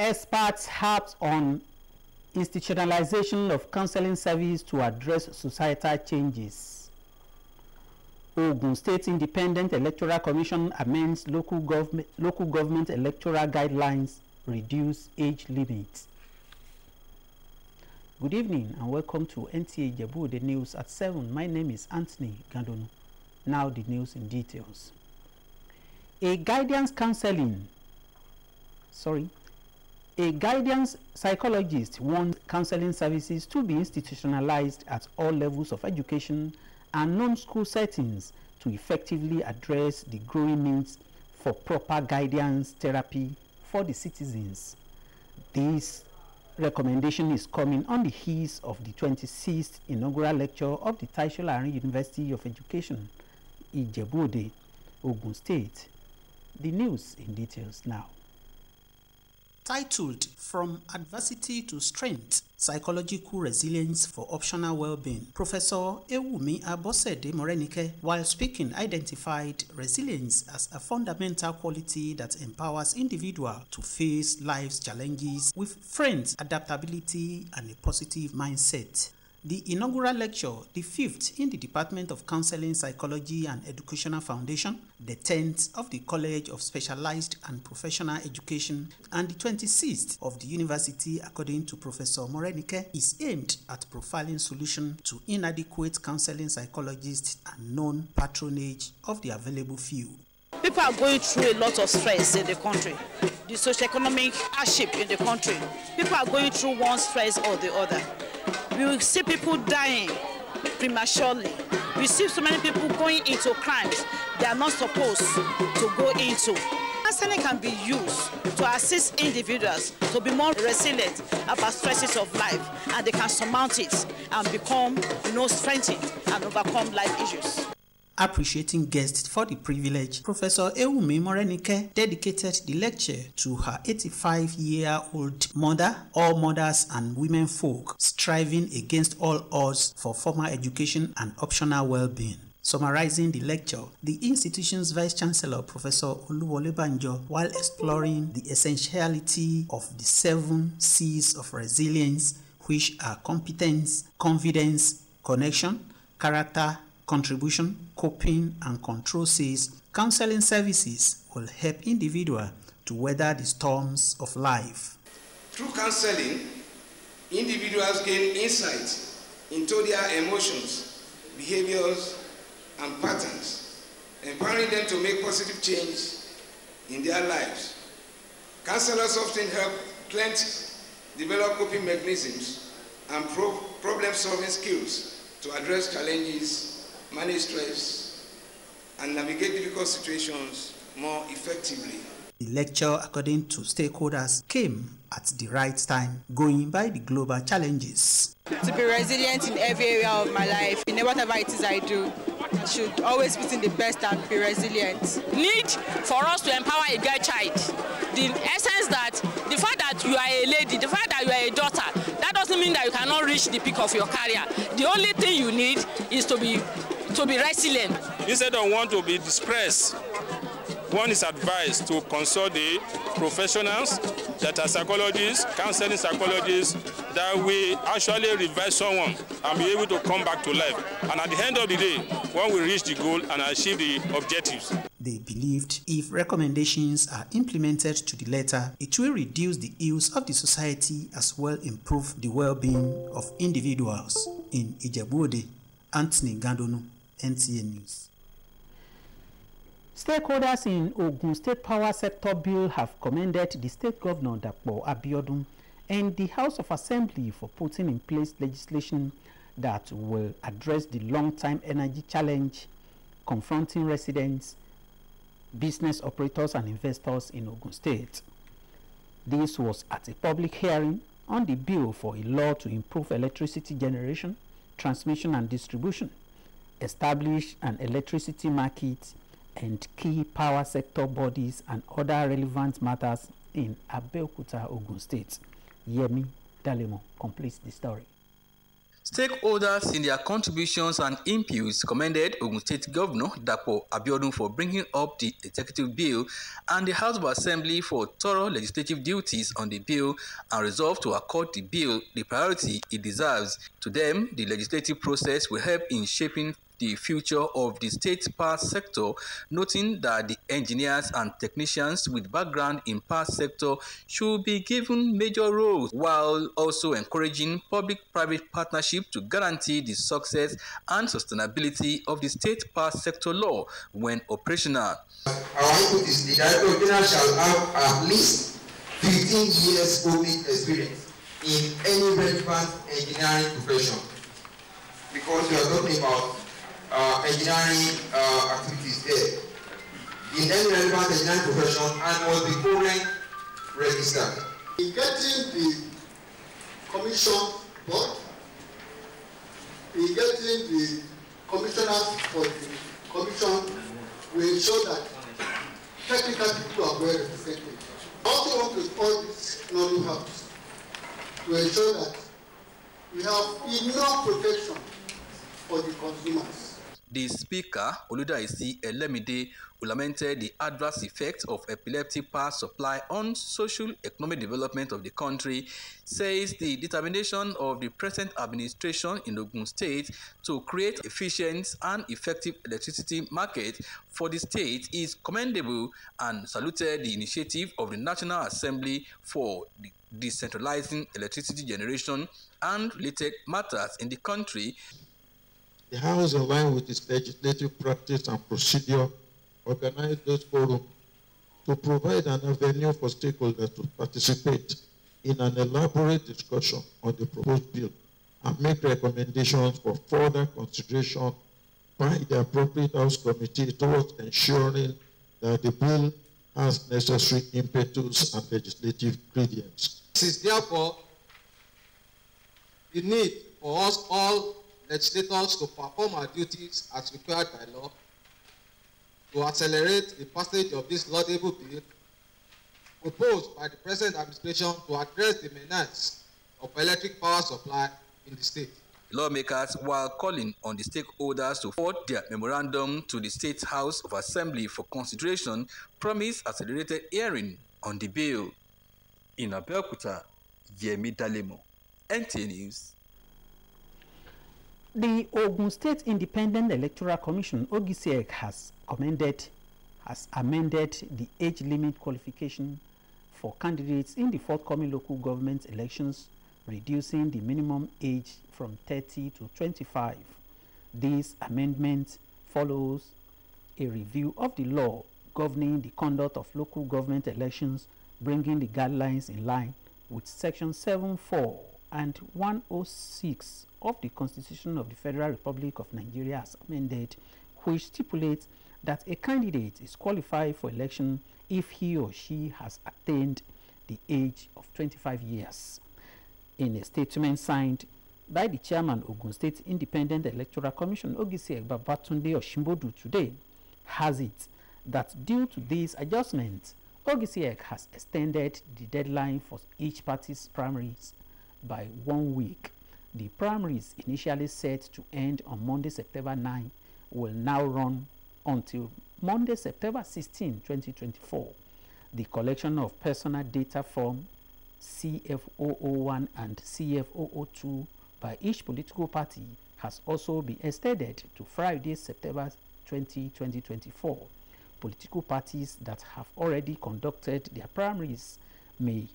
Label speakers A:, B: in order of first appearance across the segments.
A: experts helps on institutionalization of counseling service to address societal changes. Ogun State Independent Electoral Commission amends local government, local government electoral guidelines, reduce age limit. Good evening and welcome to NTA Jebu, the news at 7. My name is Anthony Gandonu. Now the news in details. A guidance counseling, sorry, a guidance psychologist wants counseling services to be institutionalized at all levels of education and non-school settings to effectively address the growing needs for proper guidance therapy for the citizens. This recommendation is coming on the heels of the 26th inaugural lecture of the Taisho University of Education, Ijebu Ode, Ogun State. The news in details now titled From Adversity to Strength Psychological Resilience for Optional Well-Being. Professor Ewumi Abosede Morenike, while speaking, identified resilience as a fundamental quality that empowers individual to face life's challenges with friends, adaptability, and a positive mindset. The inaugural lecture, the fifth in the Department of Counseling, Psychology and Educational Foundation, the tenth of the College of Specialized and Professional Education, and the twenty-sixth of the university, according to Professor Morenike, is aimed at profiling solution to inadequate counseling psychologists and non-patronage of the available few.
B: People are going through a lot of stress in the country. The socioeconomic hardship in the country. People are going through one stress or the other. we see people dying prematurely. We see so many people going into crimes they are not supposed to go into. Counseling can be used to assist individuals to be more resilient about stresses of life and they can surmount it and become, you know, strengthened and overcome life issues.
A: Appreciating guests for the privilege, Professor Ewumi Morenike dedicated the lecture to her 85-year-old mother, all mothers and women folk striving against all odds for formal education and optional well-being. Summarizing the lecture, the institution's Vice Chancellor, Professor Oluwole Banjo, while exploring the essentiality of the seven C's of resilience, which are competence, confidence, connection, character, contribution, coping, and control C's, counseling services will help individuals to weather the storms of life.
C: Through counseling, individuals gain insight into their emotions, behaviors, and patterns, empowering them to make positive change in their lives. Counselors often help clients develop coping mechanisms and pro problem-solving skills to address challenges, manage stress, and navigate difficult situations more effectively.
A: The lecture, according to stakeholders, came at the right time, going by the global challenges.
B: To be resilient in every area of my life, in whatever it is I do, I should always be in the best and be resilient. Need for us to empower a girl child. The essence that the fact that you are a lady, the fact that you are a daughter, that doesn't mean that you cannot reach the peak of your career. The only thing you need is to be to be resilient.
C: Instead of want to be depressed, one is advised to consult the professionals that are psychologists, counseling psychologists, that will actually revive someone and be able to come back to life. And at the end of the day, one will reach the goal and achieve the objectives.
A: They believed if recommendations are implemented to the letter, it will reduce the ills of the society as well improve the well-being of individuals. In Ijebu Anthony Gandonu, NTN News. Stakeholders in Ogun State Power Sector Bill have commended the state governor Dapo Abiodun and the House of Assembly for putting in place legislation that will address the long-time energy challenge confronting residents, business operators and investors in Ogun State. This was at a public hearing on the bill for a law to improve electricity generation, transmission and distribution, establish an electricity market, and key power sector bodies and other relevant matters in Abeokuta, Ogun State. Yemi Dalemo completes the story.
C: Stakeholders in their contributions and impulse commended Ogun State Governor Dapo Abiodun for bringing up the executive bill and the House of Assembly for thorough legislative duties on the bill and resolve to accord the bill the priority it deserves. To them, the legislative process will help in shaping the future of the state power sector, noting that the engineers and technicians with background in power sector should be given major roles while also encouraging public-private partnership to guarantee the success and sustainability of the state power sector law when operational. Our input is that Obina shall have at least 15 years OB experience in any relevant engineering
D: profession because we are talking about uh, engineering uh, activities there in any relevant engineering profession and must be current registered. In getting the commission board, in getting the commissioners for the commission, we ensure that technical people are well represented. I also want to support this knowledge, house to ensure that we have enough protection for the consumers.
C: The Speaker, Oludaisi Elemide, who lamented the adverse effects of epileptic power supply on social economic development of the country, says the determination of the present administration in Ogun State to create efficient and effective electricity market for the state is commendable and saluted the initiative of the National Assembly for the decentralizing electricity generation and related matters in the country
A: the House, in line with its legislative practice and procedure, organized this forum to provide an avenue for
D: stakeholders
A: to participate in an elaborate discussion on the proposed bill and make recommendations for further consideration by the appropriate House committee towards ensuring that the bill has necessary impetus
D: and legislative credence.
C: This is therefore the need for us all legislators to perform our duties as required by law, to accelerate the passage of this laudable bill proposed by the present administration to address the menace of electric power supply in the state. Lawmakers, while calling on the stakeholders to forward their memorandum to the State House of Assembly for consideration, promised accelerated hearing on the bill. In Abeokuta, Yemi Dalemo, NT News.
A: The Ogun State Independent Electoral Commission, OGCEC, has commended, has amended the age limit qualification for candidates in the forthcoming local government elections, reducing the minimum age from 30 to 25. This amendment follows a review of the law governing the conduct of local government elections, bringing the guidelines in line with Section 7.4 and 106 of the Constitution of the Federal Republic of Nigeria as amended, which stipulates that a candidate is qualified for election if he or she has attained the age of 25 years. In a statement signed by the chairman of Ogun State Independent Electoral Commission, Ogisi Babatunde Oshimbodu today, has it that due to these adjustments, Ogisiek has extended the deadline for each party's primaries by one week. The primaries initially set to end on Monday, September 9 will now run until Monday, September 16, 2024. The collection of personal data from CF001 and CF002 by each political party has also been extended to Friday, September 20, 2024. Political parties that have already conducted their primaries may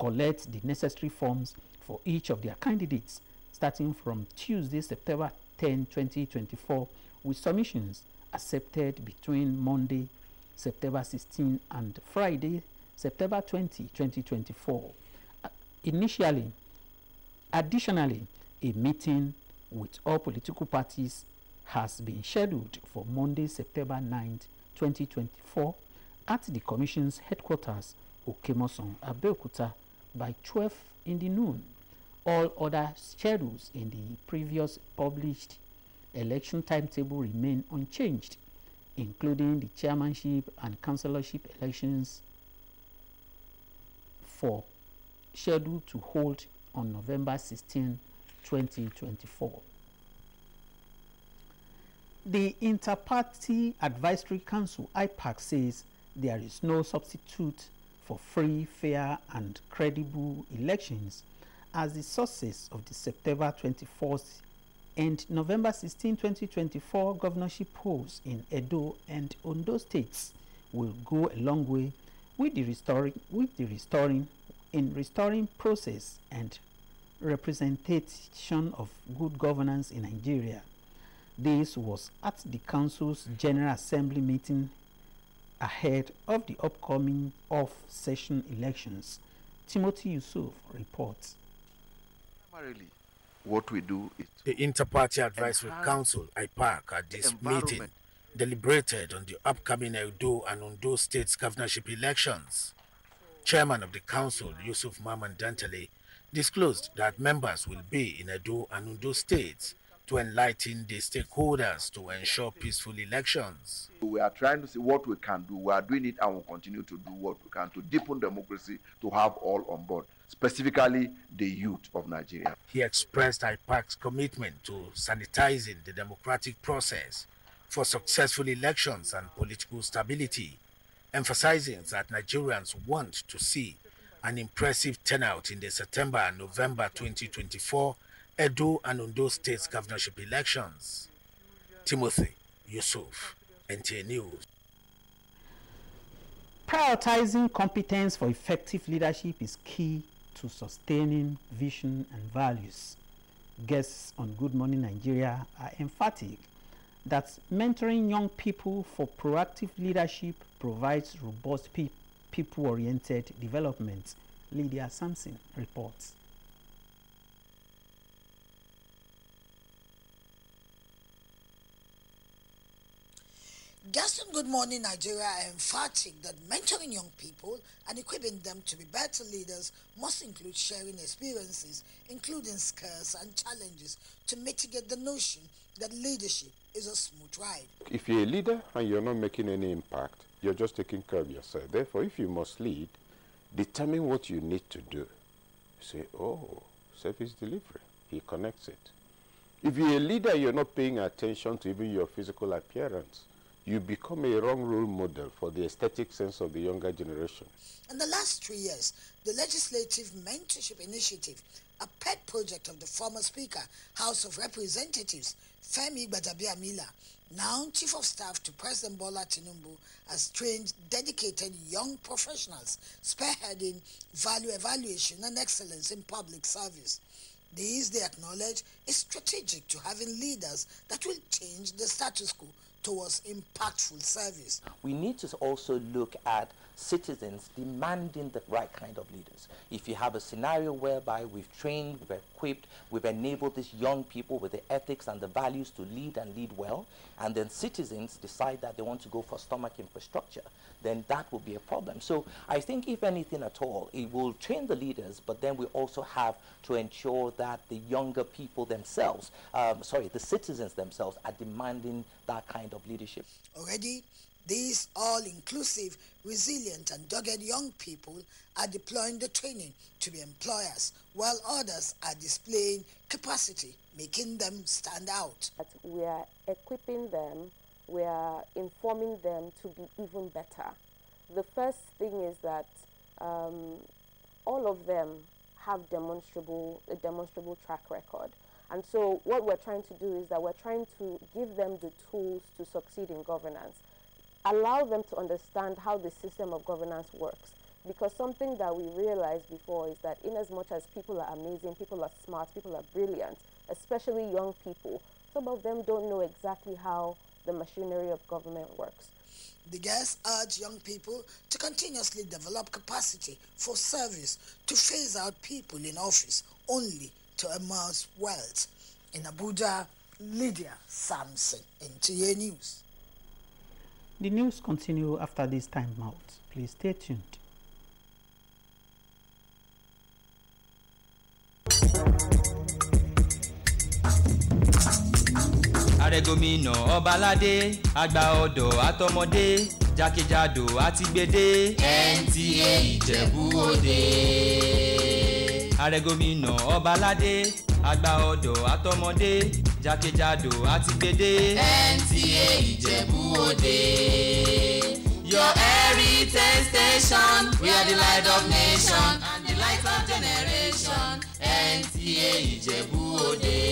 A: collect the necessary forms for each of their candidates starting from Tuesday, September 10, 2024, with submissions accepted between Monday, September 16 and Friday, September 20, 2024. Uh, initially, additionally, a meeting with all political parties has been scheduled for Monday, September 9, 2024 at the Commission's headquarters, Okemoson, Abeokuta, by 12 in the noon. All other schedules in the previous published election timetable remain unchanged, including the chairmanship and councillorship elections for scheduled to hold on November 16, 2024. The Interparty Advisory Council, IPAC, says there is no substitute for free, fair, and credible elections as the sources of the September 24th and November 16, 2024 governorship polls in Edo and Ondo states will go a long way with the restoring, with the restoring in restoring process and representation of good governance in Nigeria. This was at the Council's General Assembly meeting ahead of the upcoming off-session elections. Timothy Yusuf reports.
D: Primarily, what we do is the Inter-Party Advisory Council (IPAC) at this meeting
A: deliberated on the upcoming Edo and Ondo states governorship elections. Chairman of the council, Yusuf Maman disclosed that members will be in Edo and Ondo states to enlighten the stakeholders to ensure peaceful elections.
D: We are trying to see what we can do. We are doing it and we'll continue to do what we can to deepen democracy, to have all on board, specifically the youth of Nigeria.
B: He
A: expressed IPAC's commitment to sanitizing the democratic process for successful elections and political stability, emphasizing that Nigerians want to see an impressive turnout in the September and November 2024 Edo and Ondo States governorship elections. Timothy Yusuf, NTA News. Prioritizing competence for effective leadership is key to sustaining vision and values. Guests on Good Morning Nigeria are emphatic that mentoring young people for proactive leadership provides robust pe people-oriented development. Lydia Sampson reports.
B: Gaston Good Morning Nigeria I am emphatic that mentoring young people and equipping them to be better leaders must include sharing experiences, including scares and challenges, to mitigate the notion that leadership is a smooth ride. If you're
A: a leader and you're not making any impact, you're just taking care of yourself. Therefore, if you must lead, determine what you need to do. Say, oh, service delivery. He connects it. If you're a leader, you're not paying attention to even your physical appearance you become a wrong role model for the aesthetic sense of the younger generation.
B: In the last three years, the Legislative Mentorship Initiative, a pet project of the former Speaker, House of Representatives, Femi Mila, now Chief of Staff to President Bola Tinubu, has trained dedicated young professionals spearheading value evaluation and excellence in public service. These, they acknowledge, is strategic to having leaders that will change the status quo towards impactful service.
A: We need to also look at citizens demanding the right kind of leaders. If you have a scenario whereby we've trained, we've equipped, we've enabled these young people with the ethics and the values to lead and lead well, and then citizens decide that they want to go for stomach infrastructure, then that will be a problem. So I think if anything at all, it will train the leaders, but then we also have to ensure that the younger people themselves, um, sorry, the citizens themselves are demanding that kind of leadership.
B: Already, these all inclusive, resilient, and dogged young people are deploying the training to be employers, while others are displaying capacity, making them stand out. But we are equipping them, we are informing them to be even better. The first thing is that um, all of them have demonstrable, a demonstrable track record. And so what we're trying to do is that we're trying to give them the tools to succeed in governance allow them to understand how the system of governance works. Because something that we realized before is that in as much as people are amazing, people are smart, people are brilliant, especially young people, some of them don't know exactly how the machinery of government works. The guests urge young people to continuously develop capacity for service to phase out people in office only to amass wealth. In Abuja, Lydia Samson, NTA News.
A: The news continue after this time out. Please stay tuned.
C: àrẹ̀gòmìnà ọbaládé àgbà ọ̀dọ́ àtọmọdé jákèjádò àti gbèdé NTA Ìjẹ̀bú Òde ààrẹ gómìnà ọbaládé àgbà ọ̀dọ́ àtọmọdé jákèjádò àtìgbédè. NTA
B: Ìjẹ̀bú-Òde your heritage station we are the light of nation and the light of generation NTA Ìjẹ̀bú-Òde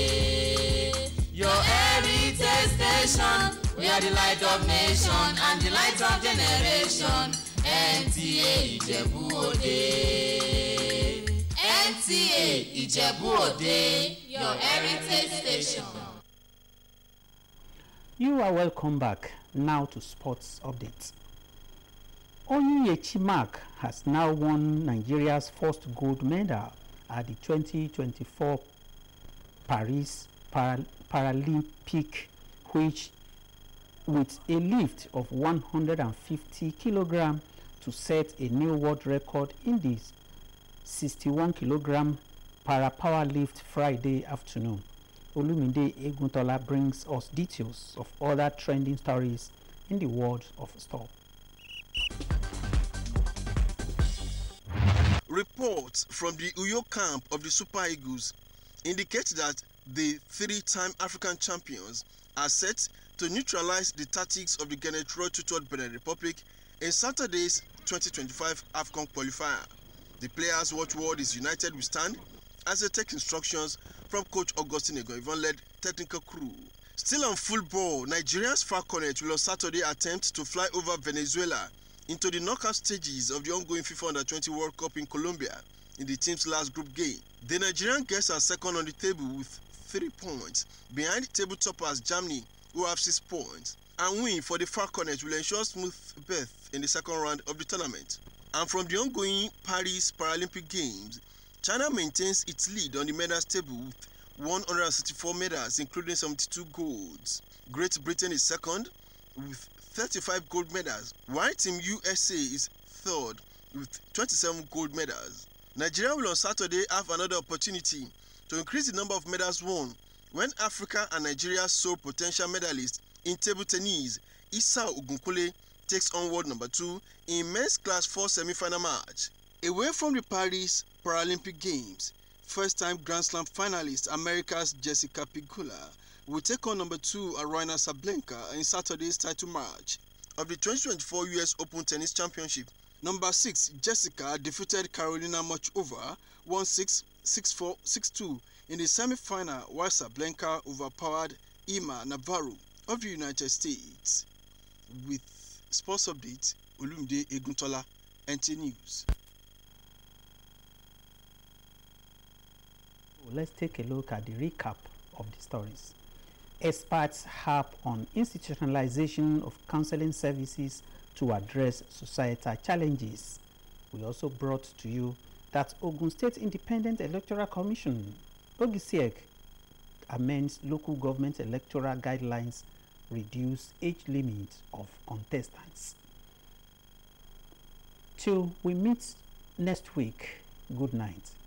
B: your heritage station we are the light of nation and the light of generation NTA Ìjẹ̀bú-Òde. NTA Ijebu-Ode, your heritage station.
A: You are welcome back now to sports updates. Onyechi Mark has now won Nigeria's first gold medal at the 2024 Paris Paralympic, which with a lift of 150 kilogram to set a new world record in this 61 kilogram para power lift Friday afternoon. Olumide Eguntola brings us details of other trending stories in the world of stop.
D: Reports from the Uyo camp of the Super Eagles indicate that the three-time African champions are set to neutralize the tactics of the Guinean Tutored Benin Republic in Saturday's 2025 AFCON qualifier. The players' watch word is United We Stand as they take instructions from coach Augustine Egoivon led technical crew. Still on football, Nigeria's Falconet will on Saturday attempt to fly over Venezuela into the knockout stages of the ongoing FIFA Under-20 World Cup in Colombia in the team's last group game. The Nigerian guests are second on the table with three points behind table toppers Germany, who have six points. And win for the Falconet will ensure smooth berth in the second round of the tournament and from the ongoing Paris Paralympic Games, China maintains its lead on the medals table with 164 medals, including 72 golds. Great Britain is second with 35 gold medals, while Team USA is third with 27 gold medals. Nigeria will on Saturday have another opportunity to increase the number of medals won when Africa and Nigeria's sole potential medalist in table tennis, Issa Ogunkole, takes on world number two in men's class 4 semi-final match. Away from the Paris Paralympic Games, first-time Grand Slam finalist America's Jessica Pegula will take on number two Arina Sablenka in Saturday's title match of the 2024 US Open Tennis Championship. Number 6 Jessica defeated Carolina Muchova 1-6, 6-4, 6-2 in the semi-final while Sablenka overpowered Ima Navarro of the United States with Sports Update Olumide Eguntola, NT News.
A: Let's take a look at the recap of the stories. Experts harp on institutionalization of counseling services to address societal challenges. We also brought to you that Ogun State Independent Electoral Commission, OGISEC, amends local government electoral guidelines reduce age limit of contestants. Till we meet next week, good night.